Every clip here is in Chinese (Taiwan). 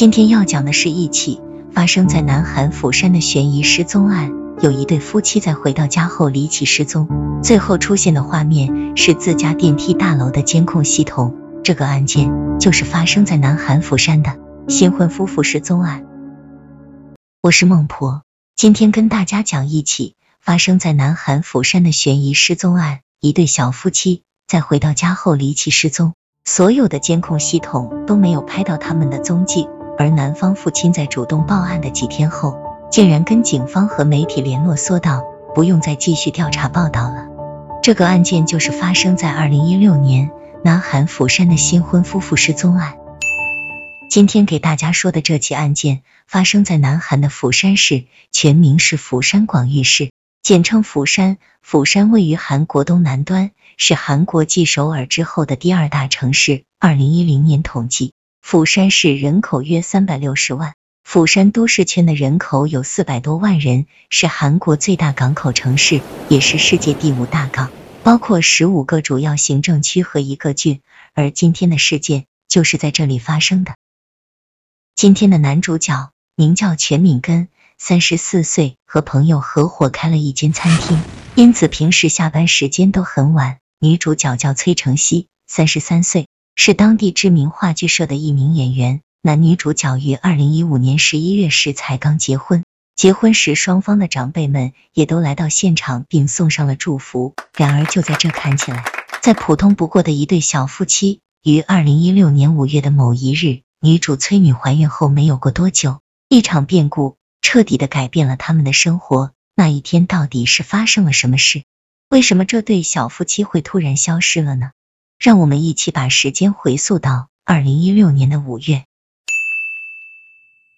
今天要講的是一起發生在南韓釜山的懸疑失蹤案，有一對夫妻在回到家後離奇失蹤，最後出現的畫面是自家電梯大樓的監控系統。這個案件就是發生在南韓釜山的新婚夫婦失蹤案。我是孟婆，今天跟大家講一起發生在南韓釜山的懸疑失蹤案，一對小夫妻在回到家後離奇失蹤，所有的監控系統都沒有拍到他們的蹤跡。而男方父親在主動報案的幾天後，竟然跟警方和媒體聯絡說道，不用再繼續調查報道了。這個案件就是發生在二零一六年南韓釜山的新婚夫婦失蹤案。今天給大家說的這起案件，發生在南韓的釜山市，全名是釜山廣域市，簡稱釜山。釜山位於韓國東南端，是韓國繼首爾之後的第二大城市。二零一零年統計。釜山市人口約三百六十萬，釜山都市圈的人口有四百多萬人，是韓國最大港口城市，也是世界第五大港，包括十五個主要行政區和一個郡。而今天的事件就是在這裡發生的。今天的男主角名叫全敏根，三十四歲，和朋友合夥開了一間餐廳，因此平時下班時間都很晚。女主角叫崔成熙，三十三歲。是當地知名話劇社的一名演員，男女主角於二零一五年十一月時才剛結婚，結婚時雙方的長輩們也都來到現場並送上了祝福。然而就在這看起來再普通不過的一對小夫妻，於二零一六年五月的某一日，女主崔女懷孕後沒有過多久，一場變故徹底的改變了他們的生活。那一天到底是發生了什麼事？為什麼這對小夫妻會突然消失了呢？讓我們一起把時間回溯到二零一六年的五月。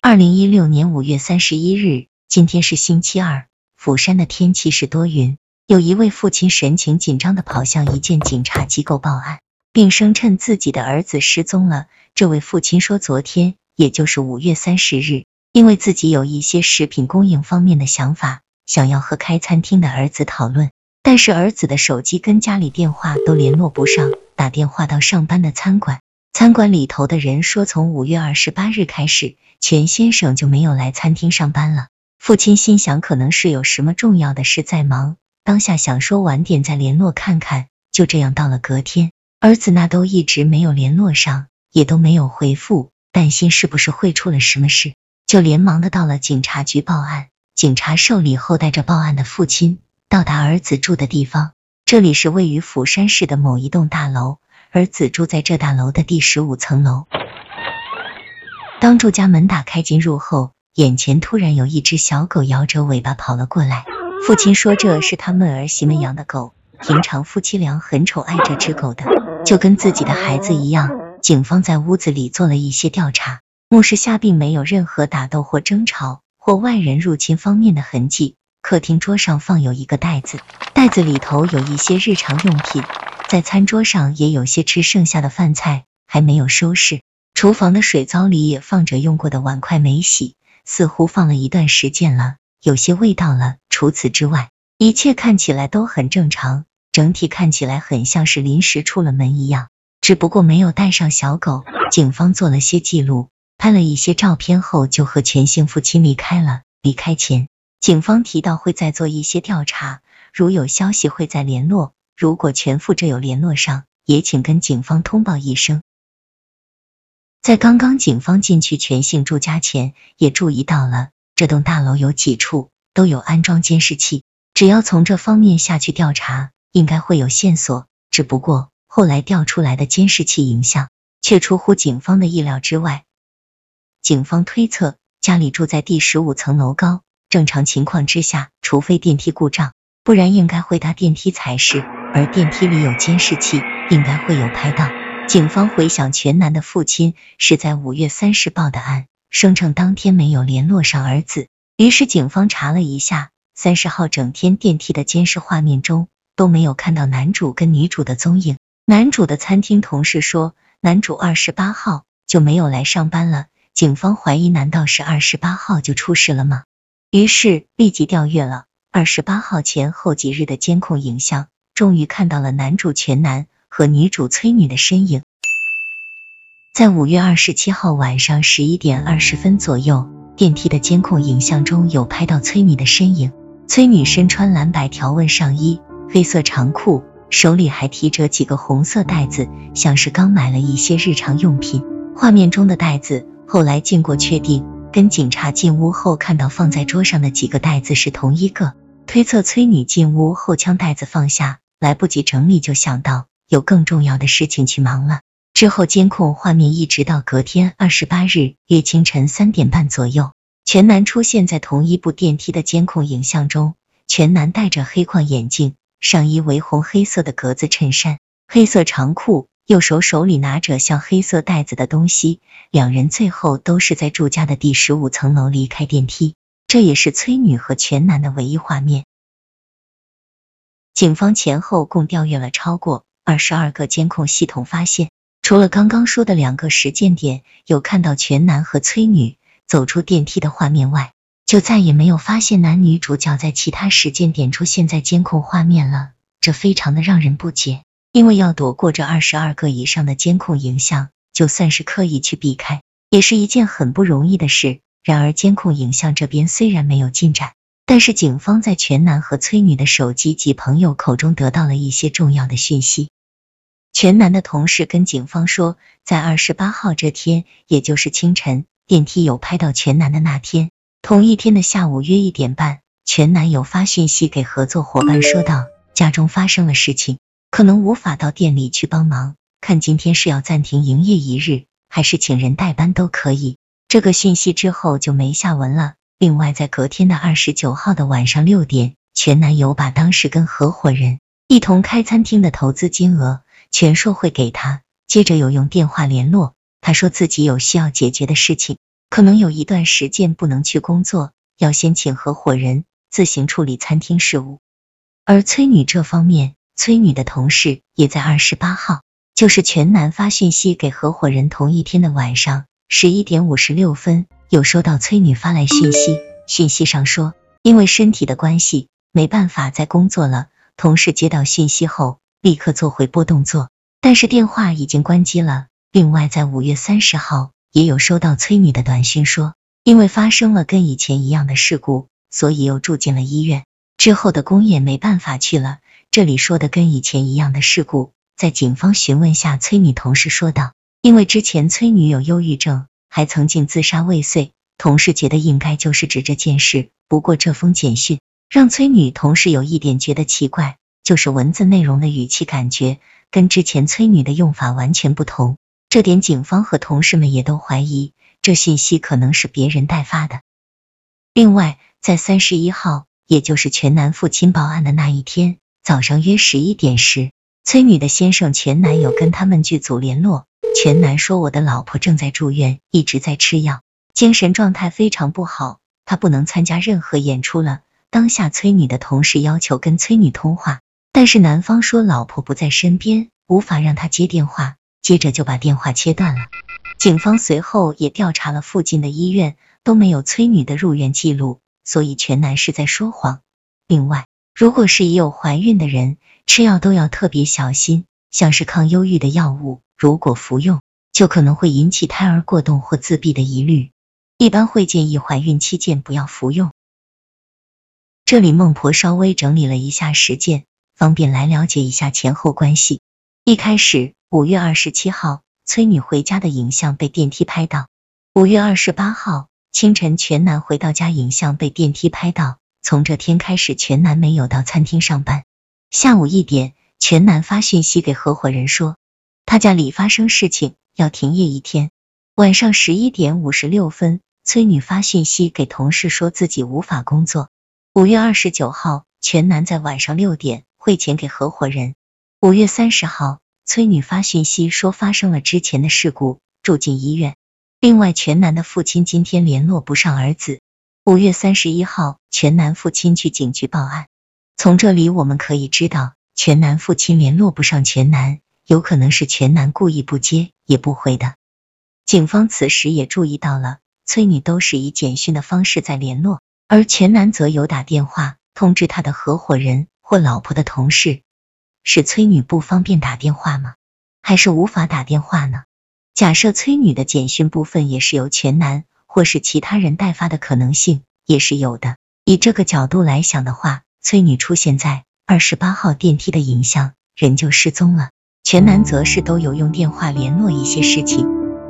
二零一六年五月三十一日，今天是星期二，釜山的天氣是多雲。有一位父親神情緊張的跑向一間警察機構報案，並聲稱自己的兒子失蹤了。這位父親說，昨天，也就是五月三十日，因為自己有一些食品供應方面的想法，想要和開餐廳的兒子討論，但是兒子的手機跟家裡電話都聯絡不上。打電話到上班的餐館，餐館裡頭的人說，從五月二十八日開始，全先生就沒有來餐廳上班了。父親心想，可能是有什麼重要的事在忙，當下想說晚點再聯絡看看。就這樣，到了隔天，兒子那都一直沒有聯絡上，也都沒有回復，擔心是不是會出了什麼事，就連忙的到了警察局報案。警察受理後，帶着報案的父親到達兒子住的地方。這裡是位於釜山市的某一棟大樓，兒子住在這大樓的第十五層樓。當住家門打開進入後，眼前突然有一只小狗搖着尾巴跑了過來。父親說，這是他們兒媳婦養的狗，平常夫妻倆很寵愛這隻狗的，就跟自己的孩子一樣。警方在屋子裡做了一些調查，目視下並沒有任何打鬥或爭吵或外人入侵方面的痕跡。客廳桌上放有一個袋子，袋子裡頭有一些日常用品，在餐桌上也有些吃剩下的飯菜，還沒有收拾。廚房的水槽裡也放着用過的碗筷沒洗，似乎放了一段時間了，有些味道了。除此之外，一切看起來都很正常，整體看起來很像是臨時出了門一樣，只不過沒有帶上小狗。警方做了些記錄，拍了一些照片後，就和全姓夫妻離開了。離開前。警方提到會再做一些調查，如有消息會再聯絡。如果全副這有聯絡上，也請跟警方通報一聲。在剛剛警方進去全姓住家前，也注意到了這棟大樓有幾處都有安裝監視器，只要從這方面下去調查，應該會有線索。只不過後來調出來的監視器影像，卻出乎警方的意料之外。警方推測家裡住在第十五層樓高，正常情況之下，除非電梯故障，不然應該會搭電梯才是。而電梯裡有監視器，應該會有拍到。警方回想，全男的父親是在五月三十報的案，聲稱當天沒有聯絡上兒子。於是警方查了一下，三十號整天電梯的監視畫面中都沒有看到男主跟女主的蹤影。男主的餐廳同事說，男主二十八號就沒有來上班了。警方懷疑，難道是二十八號就出事了嗎？於是立即調閱了二十八號前後幾日的監控影像，終於看到了男主全男和女主崔女的身影。在五月二十七號晚上十一點二十分左右，電梯的監控影像中有拍到崔女的身影。崔女身穿藍白條紋上衣、黑色長褲，手裡還提着幾個紅色袋子，像是剛買了一些日常用品。畫面中的袋子後來經過確定。跟警察進屋後，看到放在桌上的幾個袋子是同一個，推測崔女進屋後將袋子放下，來不及整理就想到有更重要的事情去忙了。之後監控畫面一直到隔天二十八日夜清晨三點半左右，全男出現在同一部電梯的監控影像中，全男戴着黑框眼鏡，上衣為紅黑色的格子襯衫，黑色長褲。右手手裡拿着像黑色袋子的東西，兩人最後都是在住家的第十五層樓離開電梯，這也是崔女和全男的唯一畫面。警方前後共調閱了超過二十二個監控系統，發現除了剛剛說的兩個時間點有看到全男和崔女走出電梯的畫面外，就再也沒有發現男女主角在其他時間點出現在監控畫面了，這非常的讓人不解。因為要躲過這二十二個以上的監控影像，就算是刻意去避開，也是一件很不容易的事。然而，監控影像這邊雖然沒有進展，但是警方在全男和崔女的手機及朋友口中得到了一些重要的訊息。全男的同事跟警方說，在二十八號這天，也就是清晨，電梯有拍到全男的那天。同一天的下午約一點半，全男有發訊息給合作夥伴，說道：“家中發生了事情。”可能無法到店裡去幫忙，看今天是要暫停營業一日，還是請人代班都可以。這個訊息之後就沒下文了。另外，在隔天的二十九號的晚上六點，全男友把當時跟合夥人一同開餐廳的投資金額全數匯給他，接着又用電話聯絡，他說自己有需要解決的事情，可能有一段時間不能去工作，要先請合夥人自行處理餐廳事務，而崔女這方面。崔女的同事也在二十八號，就是全男發訊息給合夥人同一天的晚上十一點五十六分，有收到崔女發來訊息，訊息上說因為身體的關係沒辦法再工作了。同事接到訊息後立刻做回撥動作，但是電話已經關機了。另外在五月三十號也有收到崔女的短信說，因為發生了跟以前一樣的事故，所以又住進了醫院，之後的工也沒辦法去了。這裡說的跟以前一樣的事故，在警方詢問下，崔女同事說道：“因為之前崔女有憂鬱症，還曾經自殺未遂，同事覺得應該就是指這件事。”不過這封簡訊讓崔女同事有一點覺得奇怪，就是文字內容的語氣感覺跟之前崔女的用法完全不同，這點警方和同事們也都懷疑這信息可能是別人代發的。另外，在三十一號，也就是全南父親報案的那一天。早上約十一點時，崔女的先生全男有跟他們劇組聯絡。全男說：“我的老婆正在住院，一直在吃藥，精神狀態非常不好，她不能參加任何演出了。”當下崔女的同事要求跟崔女通話，但是男方說老婆不在身邊，無法讓她接電話，接着就把電話切斷了。警方隨後也調查了附近的醫院，都沒有崔女的入院記錄，所以全男是在說謊。另外，如果是已有懷孕的人，吃藥都要特別小心，像是抗憂鬱的藥物，如果服用，就可能會引起胎兒過動或自閉的疑慮，一般會建議懷孕期間不要服用。這裡孟婆稍微整理了一下時間，方便來了解一下前後關係。一開始，五月二十七號崔女回家的影像被電梯拍到，五月二十八號清晨全男回到家影像被電梯拍到。從這天開始，全男沒有到餐廳上班。下午一點，全男發訊息給合夥人說，他家裡發生事情，要停業一天。晚上十一點五十六分，崔女發訊息給同事說自己無法工作。五月二十九號，全男在晚上六點匯錢給合夥人。五月三十號，崔女發訊息說發生了之前的事故，住進醫院。另外，全男的父親今天聯絡不上兒子。五月三十一號，全男父親去警局報案。從這裡我們可以知道，全男父親聯絡不上全男，有可能是全男故意不接也不回的。警方此時也注意到了，崔女都是以簡訊的方式在聯絡，而全男則有打電話通知他的合夥人或老婆的同事。是崔女不方便打電話嗎？還是無法打電話呢？假設崔女的簡訊部分也是由全男。或是其他人代發的可能性也是有的。以這個角度來想的話，崔女出現在二十八號電梯的影像，人就失蹤了。全男則是都有用電話聯絡一些事情。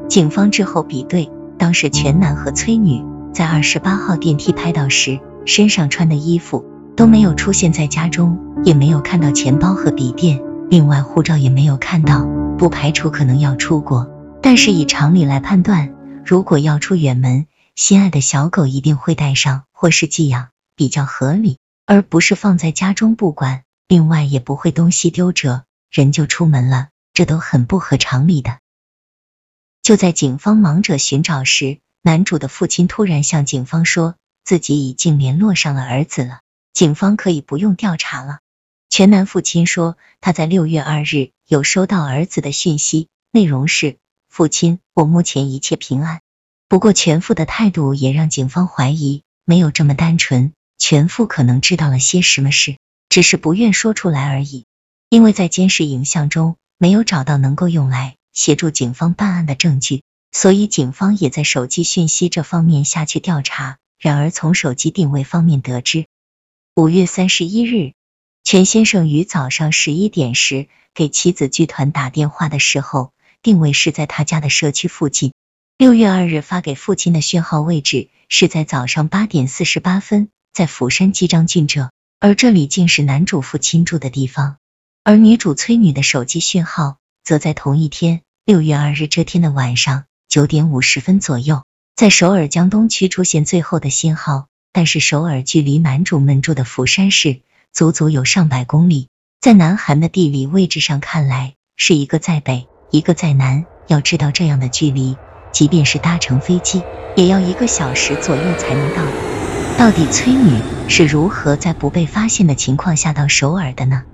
警方之後比對，當時全男和崔女在二十八號電梯拍到時，身上穿的衣服都沒有出現在家中，也沒有看到錢包和筆電，另外護照也沒有看到，不排除可能要出國。但是以常理來判斷。如果要出遠門，心愛的小狗一定會帶上，或是寄養，比較合理，而不是放在家中不管。另外，也不會東西丟着，人就出門了，這都很不合常理的。就在警方忙着尋找時，男主的父親突然向警方說自己已經聯絡上了兒子了，警方可以不用調查了。全男父親說，他在六月二日有收到兒子的訊息，內容是。父親，我目前一切平安。不過全父的態度也讓警方懷疑，沒有這麼單純，全父可能知道了些什麼事，只是不願說出來而已。因為在監視影像中沒有找到能夠用來協助警方辦案的證據，所以警方也在手機訊息這方面下去調查。然而從手機定位方面得知，五月三十一日，全先生於早上十一點時給妻子劇團打電話的時候，定位是在他家的社區附近。六月二日發給父親的訊號位置是在早上八點四十八分，在釜山機張郡這，而這裡竟是男主父親住的地方。而女主崔女的手機訊號，則在同一天，六月二日這天的晚上九點五十分左右，在首爾江東區出現最後的信號。但是首爾距離男主們住的釜山市足足有上百公里，在南韓的地理位置上看來，是一個在北。一個在南，要知道這樣的距離，即便是搭乘飛機，也要一個小時左右才能到的。到底崔女是如何在不被發現的情況下到首爾的呢？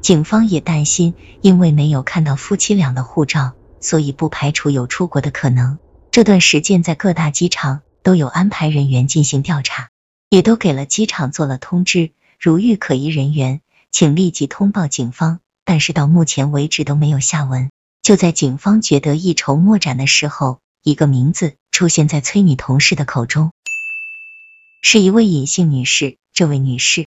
警方也擔心，因為沒有看到夫妻倆的護照，所以不排除有出國的可能。這段時間在各大機場都有安排人員進行調查，也都給了機場做了通知，如遇可疑人員，請立即通報警方。但是到目前為止都沒有下文。就在警方覺得一籌莫展的時候，一個名字出現在崔女同事的口中，是一位尹姓女士。這位女士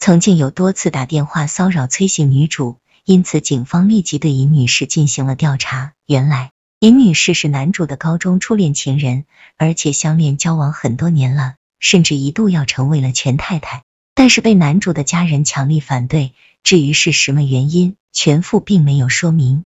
曾經有多次打電話騷擾崔姓女主，因此警方立即對尹女士進行了調查。原來，尹女士是男主的高中初戀情人，而且相戀交往很多年了，甚至一度要成為了全太太，但是被男主的家人強烈反對。至於是什麼原因，全父並沒有說明。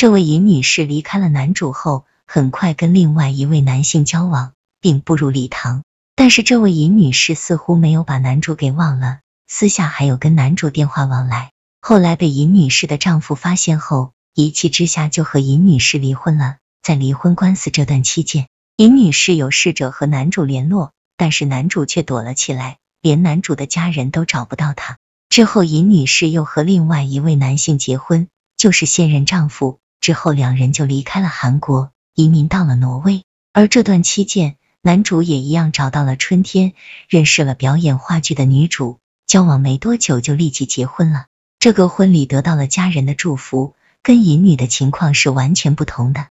這位尹女士離開了男主後，很快跟另外一位男性交往，並步入禮堂。但是這位尹女士似乎沒有把男主給忘了，私下還有跟男主電話往來。後來被尹女士的丈夫發現後，一氣之下就和尹女士離婚了。在離婚官司這段期間，尹女士有試着和男主聯絡，但是男主卻躲了起來，連男主的家人都找不到他。之後尹女士又和另外一位男性結婚，就是現任丈夫。之後，兩人就離開了韓國，移民到了挪威。而這段期間，男主也一樣找到了春天，認識了表演話劇的女主，交往沒多久就立即結婚了。這個婚禮得到了家人的祝福，跟尹女的情況是完全不同的。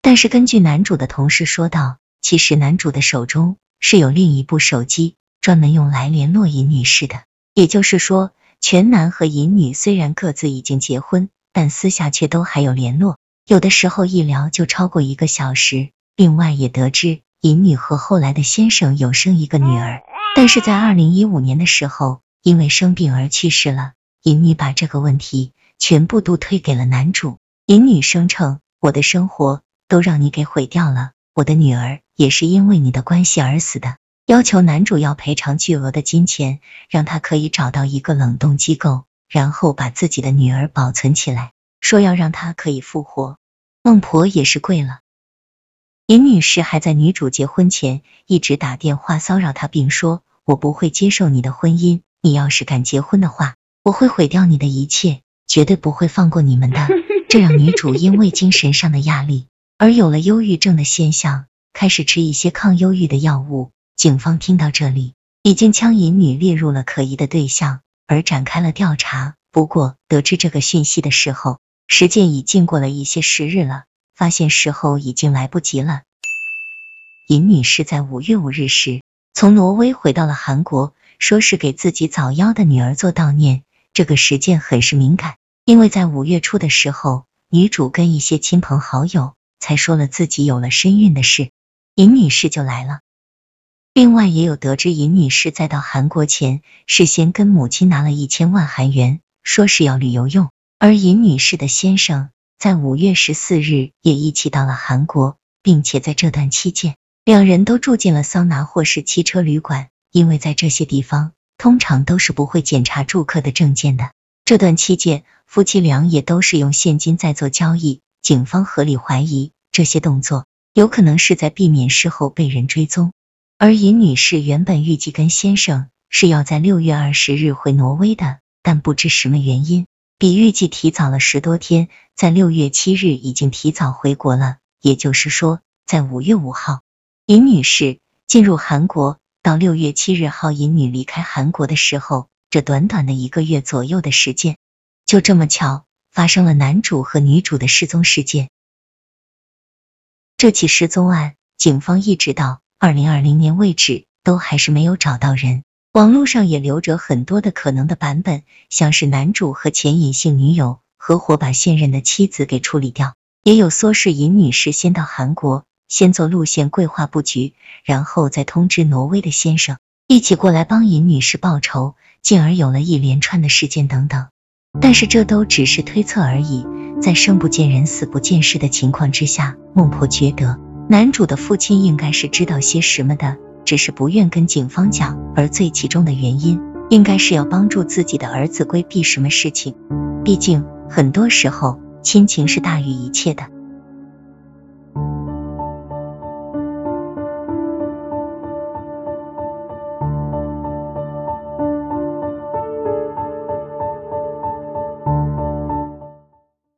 但是，根據男主的同事說道，其實男主的手中是有另一部手機，專門用來聯絡尹女士的。也就是說，全男和尹女雖然各自已經結婚。但私下卻都還有聯絡，有的時候一聊就超過一個小時。另外也得知，尹女和後來的先生有生一個女兒，但是在二零一五年的時候，因為生病而去世了。尹女把這個問題全部都推給了男主，尹女聲稱：“我的生活都讓你給毀掉了，我的女兒也是因為你的關係而死的。”要求男主要賠償巨額的金錢，讓她可以找到一個冷凍機構。然後把自己的女兒保存起來，說要讓她可以復活。孟婆也是跪了。尹女士還在女主結婚前一直打電話騷擾她，並說：“我不會接受你的婚姻，你要是敢結婚的話，我會毀掉你的一切，絕對不會放過你們的。”這讓女主因為精神上的壓力而有了憂鬱症的現象，開始吃一些抗憂鬱的藥物。警方聽到這裡，已經將尹女列入了可疑的對象。而展開了調查。不過，得知這個訊息的時候，時間已經過了一些時日了，發現時候已經來不及了。尹女士在五月五日時從挪威回到了韓國，說是給自己早夭的女兒做悼念。這個時間很是敏感，因為在五月初的時候，女主跟一些親朋好友才說了自己有了身孕的事，尹女士就來了。另外，也有得知尹女士在到韓國前，事先跟母親拿了一千萬韓元，說是要旅遊用。而尹女士的先生在五月十四日也一起到了韓國，並且在這段期間，兩人都住進了桑拿或是汽車旅館，因為在這些地方通常都是不會檢查住客的證件的。這段期間，夫妻倆也都是用現金在做交易，警方合理懷疑這些動作有可能是在避免事後被人追蹤。而尹女士原本預計跟先生是要在六月二十日回挪威的，但不知什麼原因，比預計提早了十多天，在六月七日已經提早回國了。也就是說，在五月五號，尹女士進入韓國，到六月七日號尹女離開韓國的時候，這短短的一個月左右的時間，就這麼巧發生了男主和女主的失蹤事件。這起失蹤案，警方意識到。二零二零年為止都還是沒有找到人。網絡上也留着很多的可能的版本，像是男主和前隱性女友合夥把現任的妻子給處理掉，也有說是尹女士先到韓國，先做路線規劃布局，然後再通知挪威的先生一起過來幫尹女士報仇，進而有了一連串的事件等等。但是這都只是推測而已，在生不見人死不見屍的情況之下，孟婆覺得。男主的父親應該是知道些什麼的，只是不願跟警方講。而最其中的原因，應該是要幫助自己的兒子規避什麼事情。畢竟很多時候，親情是大於一切的。